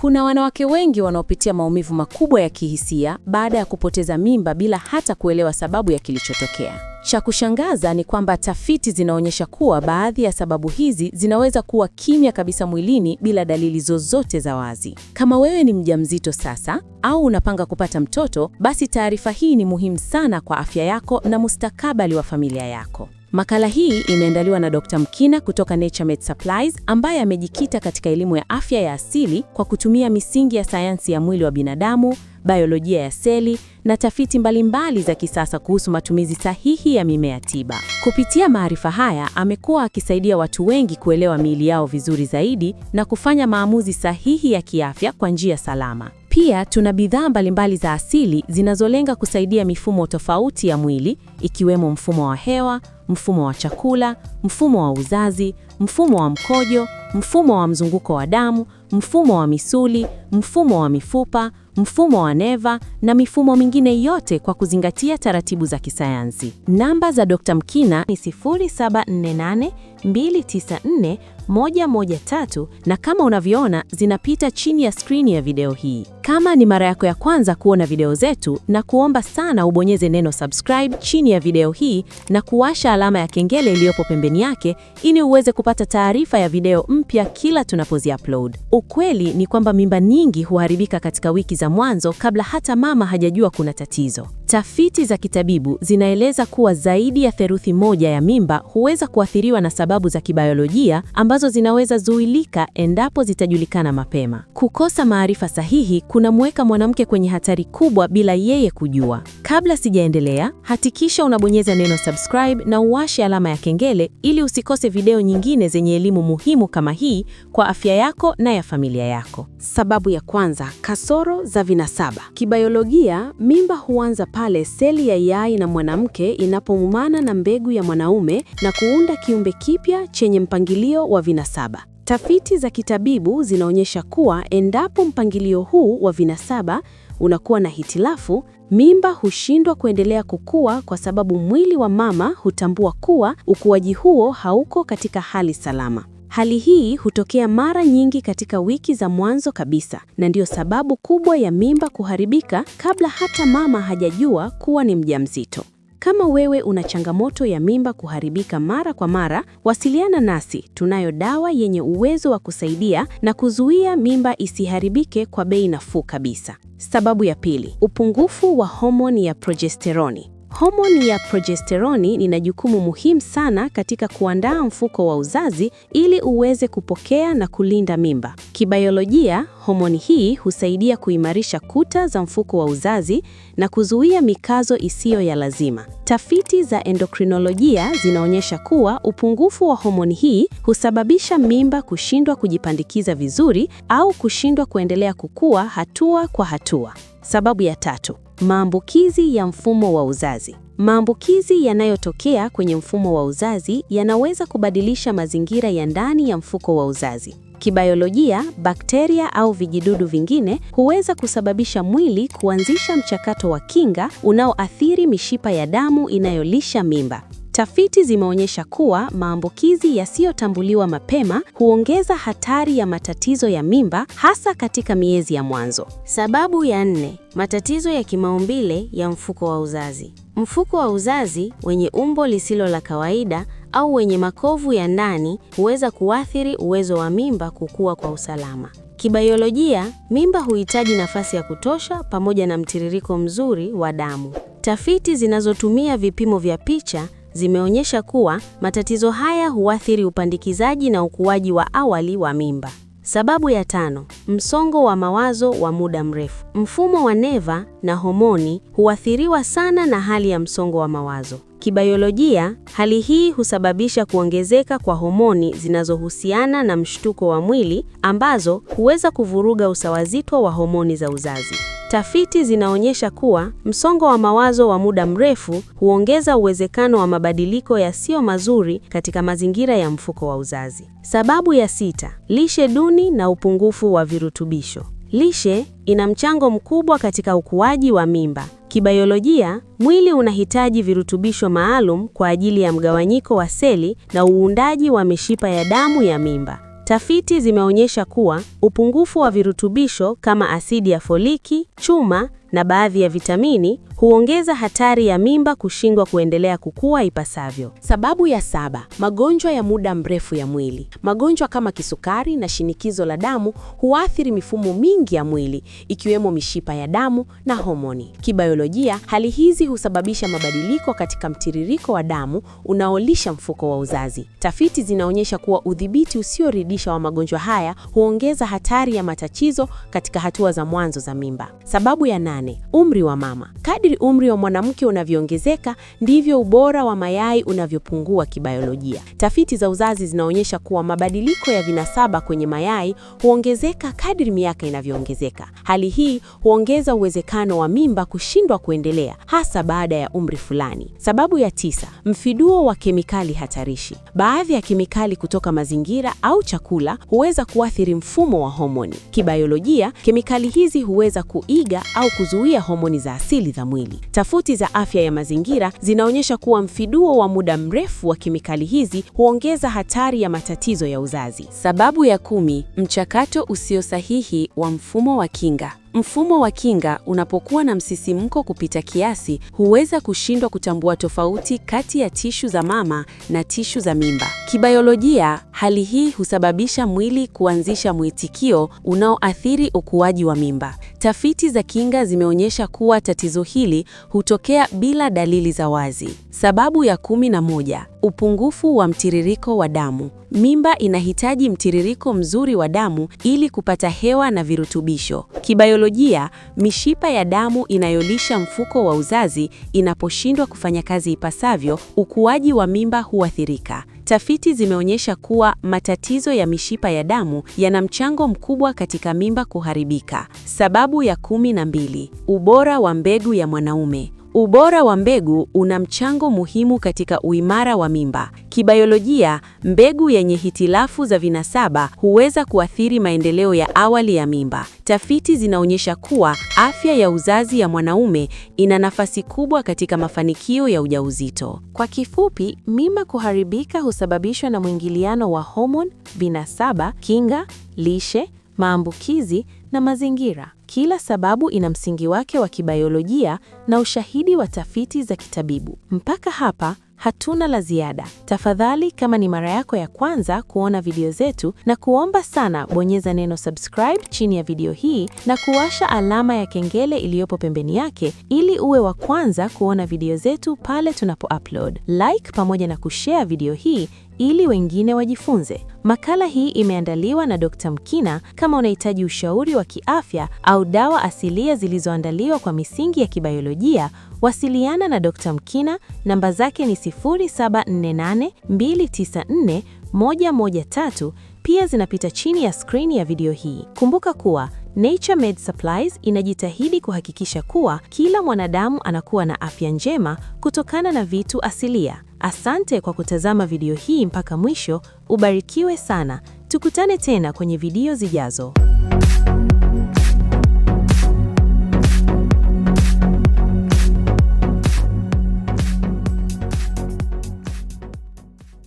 Kuna wanawake wengi wanaopitia maumivu makubwa ya kihisia baada ya kupoteza mimba bila hata kuelewa sababu ya kilichotokea. Cha kushangaza ni kwamba tafiti zinaonyesha kuwa baadhi ya sababu hizi zinaweza kuwa kimya kabisa mwilini bila dalili zozote za wazi. Kama wewe ni mjamzito sasa au unapanga kupata mtoto, basi taarifa hii ni muhimu sana kwa afya yako na mustakabali wa familia yako. Makala hii imeandaliwa na Dr. Mkina kutoka Naturemed Supplies ambaye amejikita katika elimu ya afya ya asili kwa kutumia misingi ya sayansi ya mwili wa binadamu, biolojia ya seli na tafiti mbalimbali za kisasa kuhusu matumizi sahihi ya mimea tiba. Kupitia maarifa haya, amekuwa akisaidia watu wengi kuelewa miili yao vizuri zaidi na kufanya maamuzi sahihi ya kiafya kwa njia salama. Pia tuna bidhaa mbalimbali za asili zinazolenga kusaidia mifumo tofauti ya mwili ikiwemo mfumo wa hewa, mfumo wa chakula, mfumo wa uzazi, mfumo wa mkojo, mfumo wa mzunguko wa damu mfumo wa misuli, mfumo wa mifupa, mfumo wa neva na mifumo mingine yote kwa kuzingatia taratibu za kisayansi. Namba za Dr. Mkina ni 0748294113 na kama unavyoona zinapita chini ya skrini ya video hii. Kama ni mara yako ya kwanza kuona video zetu, na kuomba sana ubonyeze neno subscribe chini ya video hii na kuwasha alama ya kengele iliyopo pembeni yake ili uweze kupata taarifa ya video mpya kila tunapozi upload ukweli ni kwamba mimba nyingi huharibika katika wiki za mwanzo kabla hata mama hajajua kuna tatizo. Tafiti za kitabibu zinaeleza kuwa zaidi ya theluthi moja ya mimba huweza kuathiriwa na sababu za kibayolojia ambazo zinaweza zuilika endapo zitajulikana mapema. Kukosa maarifa sahihi kunamweka mwanamke kwenye hatari kubwa bila yeye kujua. Kabla sijaendelea, hakikisha unabonyeza neno subscribe na uwashe alama ya kengele ili usikose video nyingine zenye elimu muhimu kama hii kwa afya yako na ya familia yako. Sababu ya kwanza, kasoro za vinasaba. Kibiolojia, mimba huanza pale seli ya yai na mwanamke inapoumana na mbegu ya mwanaume na kuunda kiumbe kipya chenye mpangilio wa vinasaba. Tafiti za kitabibu zinaonyesha kuwa endapo mpangilio huu wa vinasaba unakuwa na hitilafu, mimba hushindwa kuendelea kukua kwa sababu mwili wa mama hutambua kuwa ukuaji huo hauko katika hali salama. Hali hii hutokea mara nyingi katika wiki za mwanzo kabisa na ndiyo sababu kubwa ya mimba kuharibika kabla hata mama hajajua kuwa ni mjamzito. Kama wewe una changamoto ya mimba kuharibika mara kwa mara, wasiliana nasi. Tunayo dawa yenye uwezo wa kusaidia na kuzuia mimba isiharibike kwa bei nafuu kabisa. Sababu ya pili, upungufu wa homoni ya progesteroni. Homoni ya projesteroni ina jukumu muhimu sana katika kuandaa mfuko wa uzazi ili uweze kupokea na kulinda mimba. Kibayolojia, homoni hii husaidia kuimarisha kuta za mfuko wa uzazi na kuzuia mikazo isiyo ya lazima. Tafiti za endokrinolojia zinaonyesha kuwa upungufu wa homoni hii husababisha mimba kushindwa kujipandikiza vizuri au kushindwa kuendelea kukua hatua kwa hatua. Sababu ya tatu, Maambukizi ya mfumo wa uzazi. Maambukizi yanayotokea kwenye mfumo wa uzazi yanaweza kubadilisha mazingira ya ndani ya mfuko wa uzazi. Kibayolojia, bakteria au vijidudu vingine huweza kusababisha mwili kuanzisha mchakato wa kinga unaoathiri mishipa ya damu inayolisha mimba. Tafiti zimeonyesha kuwa maambukizi yasiyotambuliwa mapema huongeza hatari ya matatizo ya mimba hasa katika miezi ya mwanzo. Sababu ya nne, matatizo ya kimaumbile ya mfuko wa uzazi. Mfuko wa uzazi wenye umbo lisilo la kawaida au wenye makovu ya ndani huweza kuathiri uwezo wa mimba kukua kwa usalama. kibaiolojia mimba huhitaji nafasi ya kutosha pamoja na mtiririko mzuri wa damu. Tafiti zinazotumia vipimo vya picha zimeonyesha kuwa matatizo haya huathiri upandikizaji na ukuaji wa awali wa mimba. Sababu ya tano, msongo wa mawazo wa muda mrefu. Mfumo wa neva na homoni huathiriwa sana na hali ya msongo wa mawazo. Kibayolojia, hali hii husababisha kuongezeka kwa homoni zinazohusiana na mshtuko wa mwili ambazo huweza kuvuruga usawazitwa wa homoni za uzazi. Tafiti zinaonyesha kuwa msongo wa mawazo wa muda mrefu huongeza uwezekano wa mabadiliko yasiyo mazuri katika mazingira ya mfuko wa uzazi. Sababu ya sita, lishe duni na upungufu wa virutubisho. Lishe ina mchango mkubwa katika ukuaji wa mimba. Kibayolojia, mwili unahitaji virutubisho maalum kwa ajili ya mgawanyiko wa seli na uundaji wa mishipa ya damu ya mimba. Tafiti zimeonyesha kuwa upungufu wa virutubisho kama asidi ya foliki, chuma na baadhi ya vitamini huongeza hatari ya mimba kushindwa kuendelea kukua ipasavyo. Sababu ya saba, magonjwa ya muda mrefu ya mwili. Magonjwa kama kisukari na shinikizo la damu huathiri mifumo mingi ya mwili ikiwemo mishipa ya damu na homoni. Kibayolojia, hali hizi husababisha mabadiliko katika mtiririko wa damu unaolisha mfuko wa uzazi. Tafiti zinaonyesha kuwa udhibiti usioridhisha wa magonjwa haya huongeza hatari ya matatizo katika hatua za mwanzo za mimba. Sababu ya nane, umri wa mama. Kadri kadri umri wa mwanamke unavyoongezeka ndivyo ubora wa mayai unavyopungua kibayolojia. Tafiti za uzazi zinaonyesha kuwa mabadiliko ya vinasaba kwenye mayai huongezeka kadri miaka inavyoongezeka. Hali hii huongeza uwezekano wa mimba kushindwa kuendelea, hasa baada ya umri fulani. Sababu ya tisa: mfiduo wa kemikali hatarishi. Baadhi ya kemikali kutoka mazingira au chakula huweza kuathiri mfumo wa homoni. Kibayolojia, kemikali hizi huweza kuiga au kuzuia homoni za asili za mwili mwili. Tafiti za afya ya mazingira zinaonyesha kuwa mfiduo wa muda mrefu wa kemikali hizi huongeza hatari ya matatizo ya uzazi. Sababu ya kumi: mchakato usio sahihi wa mfumo wa kinga. Mfumo wa kinga unapokuwa na msisimko kupita kiasi, huweza kushindwa kutambua tofauti kati ya tishu za mama na tishu za mimba. Kibayolojia, hali hii husababisha mwili kuanzisha mwitikio unaoathiri ukuaji wa mimba. Tafiti za kinga zimeonyesha kuwa tatizo hili hutokea bila dalili za wazi. Sababu ya kumi na moja: upungufu wa mtiririko wa damu. Mimba inahitaji mtiririko mzuri wa damu ili kupata hewa na virutubisho. Kibayolojia, mishipa ya damu inayolisha mfuko wa uzazi inaposhindwa kufanya kazi ipasavyo, ukuaji wa mimba huathirika. Tafiti zimeonyesha kuwa matatizo ya mishipa ya damu yana mchango mkubwa katika mimba kuharibika. Sababu ya kumi na mbili: ubora wa mbegu ya mwanaume. Ubora wa mbegu una mchango muhimu katika uimara wa mimba. Kibayolojia, mbegu yenye hitilafu za vinasaba huweza kuathiri maendeleo ya awali ya mimba. Tafiti zinaonyesha kuwa afya ya uzazi ya mwanaume ina nafasi kubwa katika mafanikio ya ujauzito. Kwa kifupi, mimba kuharibika husababishwa na mwingiliano wa homoni, vinasaba, kinga, lishe, maambukizi na mazingira. Kila sababu ina msingi wake wa kibayolojia na ushahidi wa tafiti za kitabibu. Mpaka hapa hatuna la ziada. Tafadhali, kama ni mara yako ya kwanza kuona video zetu, na kuomba sana bonyeza neno subscribe chini ya video hii na kuwasha alama ya kengele iliyopo pembeni yake ili uwe wa kwanza kuona video zetu pale tunapo upload. Like pamoja na kushare video hii ili wengine wajifunze. Makala hii imeandaliwa na Dr. Mkina. Kama unahitaji ushauri wa kiafya au dawa asilia zilizoandaliwa kwa misingi ya kibayolojia, wasiliana na Dr. Mkina. Namba zake ni 0748294113, pia zinapita chini ya skrini ya video hii. Kumbuka kuwa Naturemed Supplies inajitahidi kuhakikisha kuwa kila mwanadamu anakuwa na afya njema kutokana na vitu asilia. Asante kwa kutazama video hii mpaka mwisho. Ubarikiwe sana. Tukutane tena kwenye video zijazo.